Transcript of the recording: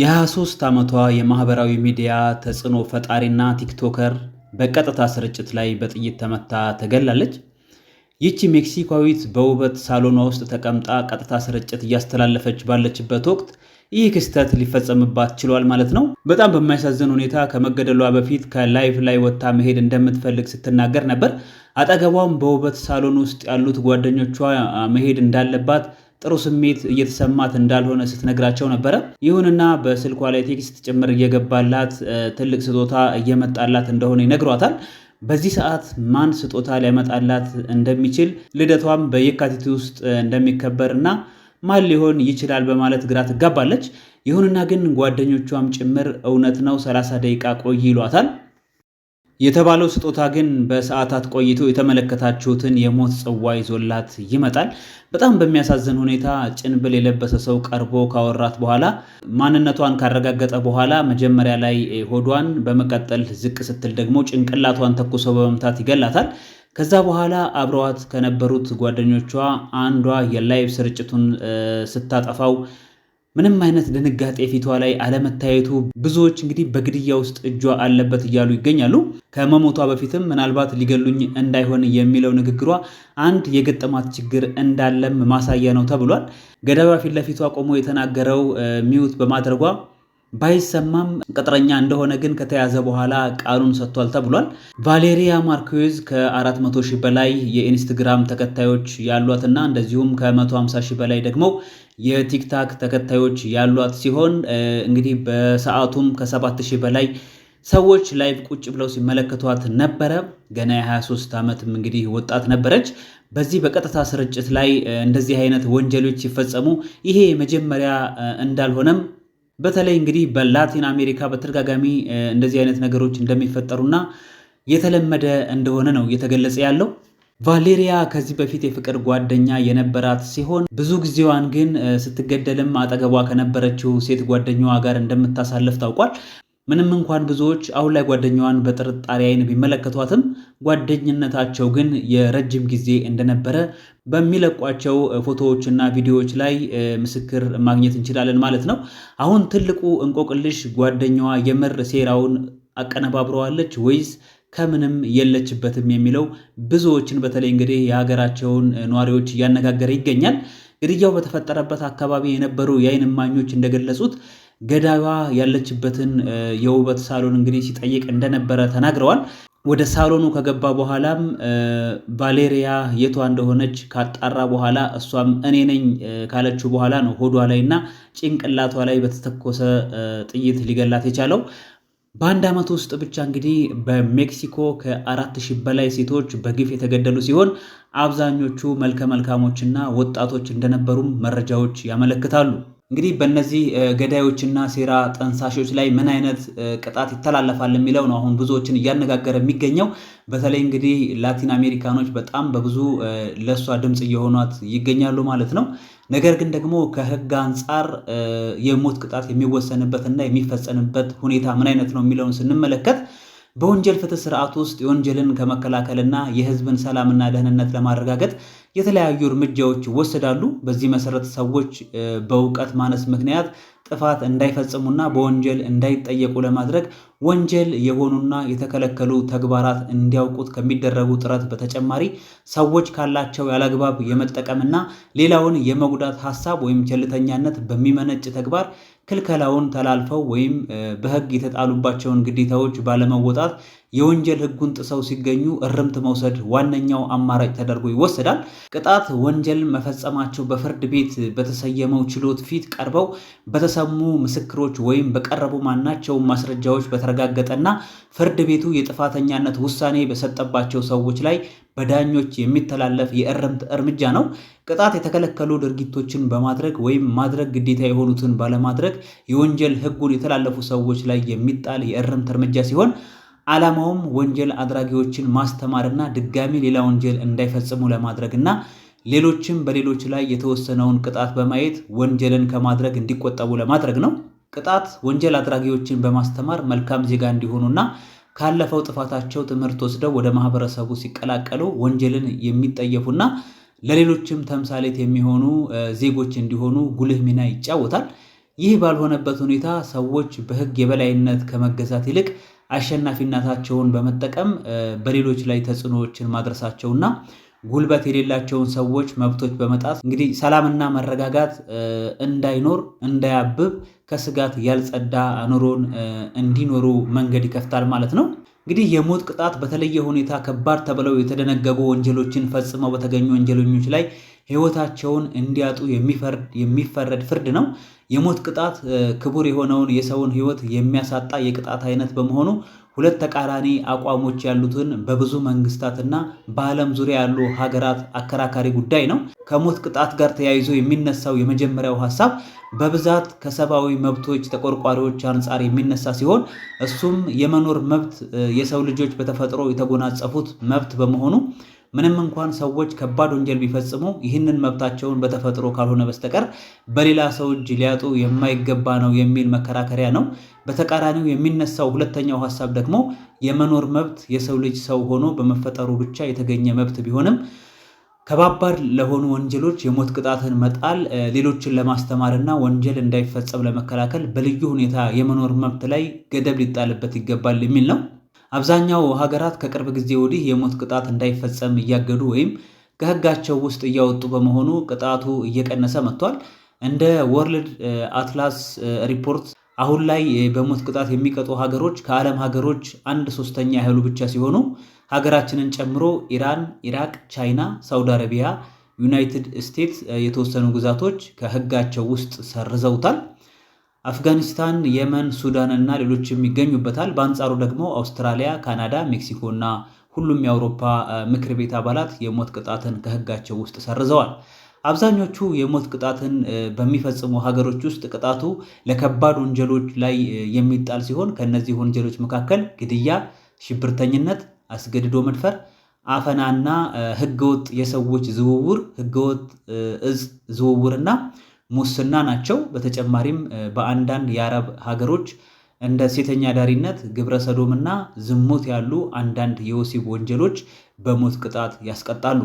የ23 ዓመቷ የማኅበራዊ ሚዲያ ተጽዕኖ ፈጣሪና ቲክቶከር በቀጥታ ስርጭት ላይ በጥይት ተመታ ተገላለች። ይቺ ሜክሲካዊት በውበት ሳሎኗ ውስጥ ተቀምጣ ቀጥታ ስርጭት እያስተላለፈች ባለችበት ወቅት ይህ ክስተት ሊፈጸምባት ችሏል ማለት ነው። በጣም በሚያሳዝን ሁኔታ ከመገደሏ በፊት ከላይቭ ላይ ወጥታ መሄድ እንደምትፈልግ ስትናገር ነበር። አጠገቧም በውበት ሳሎን ውስጥ ያሉት ጓደኞቿ መሄድ እንዳለባት ጥሩ ስሜት እየተሰማት እንዳልሆነ ስትነግራቸው ነበረ። ይሁንና በስልኳ ላይ ቴክስት ጭምር እየገባላት ትልቅ ስጦታ እየመጣላት እንደሆነ ይነግሯታል። በዚህ ሰዓት ማን ስጦታ ሊያመጣላት እንደሚችል ልደቷም በየካቲት ውስጥ እንደሚከበር እና ማን ሊሆን ይችላል በማለት ግራ ትጋባለች። ይሁንና ግን ጓደኞቿም ጭምር እውነት ነው 30 ደቂቃ ቆይ ይሏታል። የተባለው ስጦታ ግን በሰዓታት ቆይቶ የተመለከታችሁትን የሞት ጽዋ ይዞላት ይመጣል። በጣም በሚያሳዝን ሁኔታ ጭንብል የለበሰ ሰው ቀርቦ ካወራት በኋላ ማንነቷን ካረጋገጠ በኋላ መጀመሪያ ላይ ሆዷን፣ በመቀጠል ዝቅ ስትል ደግሞ ጭንቅላቷን ተኩሶ በመምታት ይገላታል። ከዛ በኋላ አብረዋት ከነበሩት ጓደኞቿ አንዷ የላይቭ ስርጭቱን ስታጠፋው ምንም አይነት ድንጋጤ ፊቷ ላይ አለመታየቱ ብዙዎች እንግዲህ በግድያ ውስጥ እጇ አለበት እያሉ ይገኛሉ። ከመሞቷ በፊትም ምናልባት ሊገሉኝ እንዳይሆን የሚለው ንግግሯ አንድ የገጠማት ችግር እንዳለም ማሳያ ነው ተብሏል። ገደባ ፊት ለፊቷ ቆሞ የተናገረው ሚውት በማድረጓ ባይሰማም ቅጥረኛ እንደሆነ ግን ከተያዘ በኋላ ቃሉን ሰጥቷል ተብሏል። ቫሌሪያ ማርኩዝ ከ400 ሺህ በላይ የኢንስትግራም ተከታዮች ያሏትና እንደዚሁም ከ150 ሺህ በላይ ደግሞ የቲክታክ ተከታዮች ያሏት ሲሆን እንግዲህ በሰዓቱም ከ7 በላይ ሰዎች ላይቭ ቁጭ ብለው ሲመለከቷት ነበረ። ገና የ23 ዓመትም እንግዲህ ወጣት ነበረች። በዚህ በቀጥታ ስርጭት ላይ እንደዚህ አይነት ወንጀሎች ሲፈጸሙ ይሄ መጀመሪያ እንዳልሆነም በተለይ እንግዲህ በላቲን አሜሪካ በተደጋጋሚ እንደዚህ አይነት ነገሮች እንደሚፈጠሩና የተለመደ እንደሆነ ነው እየተገለጸ ያለው። ቫሌሪያ ከዚህ በፊት የፍቅር ጓደኛ የነበራት ሲሆን ብዙ ጊዜዋን ግን ስትገደልም አጠገቧ ከነበረችው ሴት ጓደኛዋ ጋር እንደምታሳልፍ ታውቋል። ምንም እንኳን ብዙዎች አሁን ላይ ጓደኛዋን በጥርጣሬ አይን ቢመለከቷትም ጓደኝነታቸው ግን የረጅም ጊዜ እንደነበረ በሚለቋቸው ፎቶዎችና ቪዲዮዎች ላይ ምስክር ማግኘት እንችላለን ማለት ነው። አሁን ትልቁ እንቆቅልሽ ጓደኛዋ የምር ሴራውን አቀነባብረዋለች ወይስ ከምንም የለችበትም የሚለው ብዙዎችን በተለይ እንግዲህ የሀገራቸውን ነዋሪዎች እያነጋገረ ይገኛል። ግድያው በተፈጠረበት አካባቢ የነበሩ የአይንማኞች እማኞች እንደገለጹት ገዳዋ ያለችበትን የውበት ሳሎን እንግዲህ ሲጠይቅ እንደነበረ ተናግረዋል። ወደ ሳሎኑ ከገባ በኋላም ቫሌሪያ የቷ እንደሆነች ካጣራ በኋላ እሷም እኔ ነኝ ካለችው በኋላ ነው ሆዷ ላይ እና ጭንቅላቷ ላይ በተተኮሰ ጥይት ሊገላት የቻለው። በአንድ ዓመት ውስጥ ብቻ እንግዲህ በሜክሲኮ ከአራት ሺህ በላይ ሴቶች በግፍ የተገደሉ ሲሆን አብዛኞቹ መልከ መልካሞችና ወጣቶች እንደነበሩም መረጃዎች ያመለክታሉ። እንግዲህ በእነዚህ ገዳዮችና ሴራ ጠንሳሾች ላይ ምን አይነት ቅጣት ይተላለፋል የሚለው ነው አሁን ብዙዎችን እያነጋገረ የሚገኘው። በተለይ እንግዲህ ላቲን አሜሪካኖች በጣም በብዙ ለእሷ ድምፅ እየሆኗት ይገኛሉ ማለት ነው። ነገር ግን ደግሞ ከህግ አንጻር የሞት ቅጣት የሚወሰንበትና የሚፈጸንበት ሁኔታ ምን አይነት ነው የሚለውን ስንመለከት በወንጀል ፍትህ ስርዓት ውስጥ የወንጀልን ከመከላከልና የህዝብን ሰላምና ደህንነት ለማረጋገጥ የተለያዩ እርምጃዎች ይወሰዳሉ። በዚህ መሰረት ሰዎች በእውቀት ማነስ ምክንያት ጥፋት እንዳይፈጽሙና በወንጀል እንዳይጠየቁ ለማድረግ ወንጀል የሆኑና የተከለከሉ ተግባራት እንዲያውቁት ከሚደረጉ ጥረት በተጨማሪ ሰዎች ካላቸው ያለአግባብ የመጠቀምና ሌላውን የመጉዳት ሀሳብ ወይም ቸልተኛነት በሚመነጭ ተግባር ክልከላውን ተላልፈው ወይም በሕግ የተጣሉባቸውን ግዴታዎች ባለመወጣት የወንጀል ህጉን ጥሰው ሲገኙ እርምት መውሰድ ዋነኛው አማራጭ ተደርጎ ይወሰዳል። ቅጣት ወንጀል መፈጸማቸው በፍርድ ቤት በተሰየመው ችሎት ፊት ቀርበው በተሰሙ ምስክሮች ወይም በቀረቡ ማናቸው ማስረጃዎች በተረጋገጠና ፍርድ ቤቱ የጥፋተኛነት ውሳኔ በሰጠባቸው ሰዎች ላይ በዳኞች የሚተላለፍ የእርምት እርምጃ ነው። ቅጣት የተከለከሉ ድርጊቶችን በማድረግ ወይም ማድረግ ግዴታ የሆኑትን ባለማድረግ የወንጀል ህጉን የተላለፉ ሰዎች ላይ የሚጣል የእርምት እርምጃ ሲሆን ዓላማውም ወንጀል አድራጊዎችን ማስተማርና ድጋሚ ሌላ ወንጀል እንዳይፈጽሙ ለማድረግና ሌሎችም በሌሎች ላይ የተወሰነውን ቅጣት በማየት ወንጀልን ከማድረግ እንዲቆጠቡ ለማድረግ ነው። ቅጣት ወንጀል አድራጊዎችን በማስተማር መልካም ዜጋ እንዲሆኑና ካለፈው ጥፋታቸው ትምህርት ወስደው ወደ ማህበረሰቡ ሲቀላቀሉ ወንጀልን የሚጠየፉና ለሌሎችም ተምሳሌት የሚሆኑ ዜጎች እንዲሆኑ ጉልህ ሚና ይጫወታል። ይህ ባልሆነበት ሁኔታ ሰዎች በህግ የበላይነት ከመገዛት ይልቅ አሸናፊነታቸውን በመጠቀም በሌሎች ላይ ተጽዕኖዎችን ማድረሳቸውና ጉልበት የሌላቸውን ሰዎች መብቶች በመጣስ እንግዲህ ሰላምና መረጋጋት እንዳይኖር እንዳያብብ ከስጋት ያልጸዳ ኑሮን እንዲኖሩ መንገድ ይከፍታል ማለት ነው። እንግዲህ የሞት ቅጣት በተለየ ሁኔታ ከባድ ተብለው የተደነገጉ ወንጀሎችን ፈጽመው በተገኙ ወንጀለኞች ላይ ህይወታቸውን እንዲያጡ የሚፈረድ ፍርድ ነው። የሞት ቅጣት ክቡር የሆነውን የሰውን ህይወት የሚያሳጣ የቅጣት አይነት በመሆኑ ሁለት ተቃራኒ አቋሞች ያሉትን በብዙ መንግስታትና በዓለም ዙሪያ ያሉ ሀገራት አከራካሪ ጉዳይ ነው። ከሞት ቅጣት ጋር ተያይዞ የሚነሳው የመጀመሪያው ሀሳብ በብዛት ከሰብአዊ መብቶች ተቆርቋሪዎች አንጻር የሚነሳ ሲሆን እሱም የመኖር መብት የሰው ልጆች በተፈጥሮ የተጎናጸፉት መብት በመሆኑ ምንም እንኳን ሰዎች ከባድ ወንጀል ቢፈጽሙ ይህንን መብታቸውን በተፈጥሮ ካልሆነ በስተቀር በሌላ ሰው እጅ ሊያጡ የማይገባ ነው የሚል መከራከሪያ ነው። በተቃራኒው የሚነሳው ሁለተኛው ሀሳብ ደግሞ የመኖር መብት የሰው ልጅ ሰው ሆኖ በመፈጠሩ ብቻ የተገኘ መብት ቢሆንም ከባባድ ለሆኑ ወንጀሎች የሞት ቅጣትን መጣል ሌሎችን ለማስተማርና ወንጀል እንዳይፈጸም ለመከላከል በልዩ ሁኔታ የመኖር መብት ላይ ገደብ ሊጣልበት ይገባል የሚል ነው። አብዛኛው ሀገራት ከቅርብ ጊዜ ወዲህ የሞት ቅጣት እንዳይፈጸም እያገዱ ወይም ከህጋቸው ውስጥ እያወጡ በመሆኑ ቅጣቱ እየቀነሰ መጥቷል። እንደ ወርልድ አትላስ ሪፖርት አሁን ላይ በሞት ቅጣት የሚቀጡ ሀገሮች ከዓለም ሀገሮች አንድ ሶስተኛ ያህሉ ብቻ ሲሆኑ ሀገራችንን ጨምሮ ኢራን፣ ኢራቅ፣ ቻይና፣ ሳውዲ አረቢያ፣ ዩናይትድ ስቴትስ የተወሰኑ ግዛቶች ከህጋቸው ውስጥ ሰርዘውታል። አፍጋኒስታን፣ የመን፣ ሱዳን እና ሌሎችም ይገኙበታል። በአንጻሩ ደግሞ አውስትራሊያ፣ ካናዳ፣ ሜክሲኮ እና ሁሉም የአውሮፓ ምክር ቤት አባላት የሞት ቅጣትን ከህጋቸው ውስጥ ሰርዘዋል። አብዛኞቹ የሞት ቅጣትን በሚፈጽሙ ሀገሮች ውስጥ ቅጣቱ ለከባድ ወንጀሎች ላይ የሚጣል ሲሆን ከእነዚህ ወንጀሎች መካከል ግድያ፣ ሽብርተኝነት፣ አስገድዶ መድፈር፣ አፈናና ህገወጥ የሰዎች ዝውውር፣ ህገወጥ እጽ ዝውውርና ሙስና ናቸው። በተጨማሪም በአንዳንድ የአረብ ሀገሮች እንደ ሴተኛ ዳሪነት፣ ግብረ ሰዶምና ዝሙት ያሉ አንዳንድ የወሲብ ወንጀሎች በሞት ቅጣት ያስቀጣሉ።